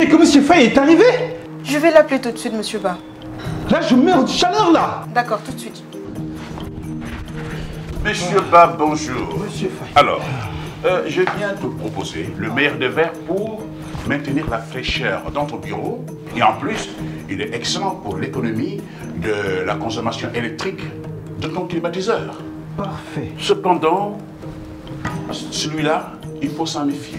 Et que Monsieur Fay est arrivé Je vais l'appeler tout de suite, Monsieur Ba. Là, je meurs de chaleur, là D'accord, tout de suite. Monsieur Ba, bonjour. Monsieur Fay. Alors, euh, je viens de proposer le meilleur des verres pour maintenir la fraîcheur dans ton bureau. Et en plus, il est excellent pour l'économie de la consommation électrique de ton climatiseur. Parfait. Cependant, celui-là, il faut s'en méfier.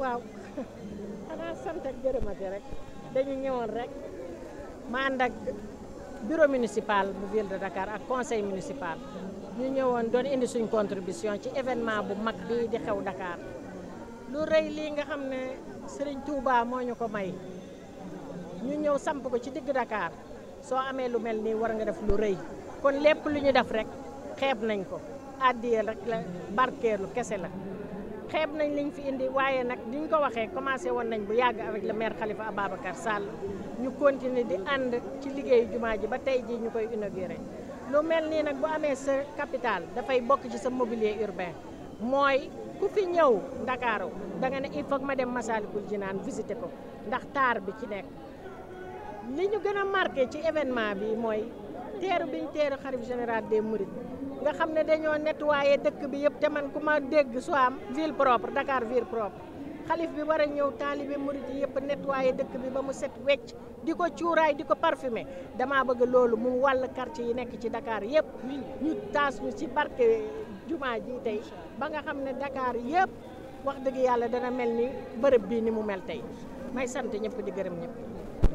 waaw xanaa sant ak gërëmati rek dañu ñëwoon rek ma ànd ak bureau municipal bu ville de Dakar ak conseil municipal ñu ñëwoon doon indi suñ contribution ci événement bu mag bi di xew Dakar lu rëy lii nga xam ne Serigne tuubaa moo ñu ko may ñu ñëw samp ko ci digg Dakar soo amee lu mel nii war nga def lu rëy kon lépp lu ñu def rek xeeb nañ ko àddiyee rek la barkeelu kese la xeeb nañ liñ fi indi waaye nag ñu ko waxee commencé woon nañ bu yàgg avec le maire Khalifa Ababacar sàll ñu continuer di ànd ci liggéeyu jumaa ji ba tey jii ñu koy inauguré lu mel nii nag bu amee sa capital dafay bokk ci sa mobilier urbain mooy ku fi ñëw ndakaaru da nga ne il faut ma dem Massalikul naan visité ko ndax taar bi ci nekk li ñu gën a ci événement bi mooy teeru biñ teeru xarit général des Mourides nga xam ne dañoo nettoyé dëkk bi yëpp te man ku ma dégg soo am ville propre dakaar ville propre xalif bi war a ñëw taalibe murit yi yëpp nettoyé dëkk bi ba mu set wecc di ko cuuraay di ko parfumé dama bëgg loolu mu wàll karti yi nekk ci dakaar yëpp ñu taas ñu ci barke jumaa ji tey ba nga xam ne Dakar yëpp wax dëgg yàlla dana mel ni bërëb bii ni mu mel tey may sant ñëpp di gërëm ñëpp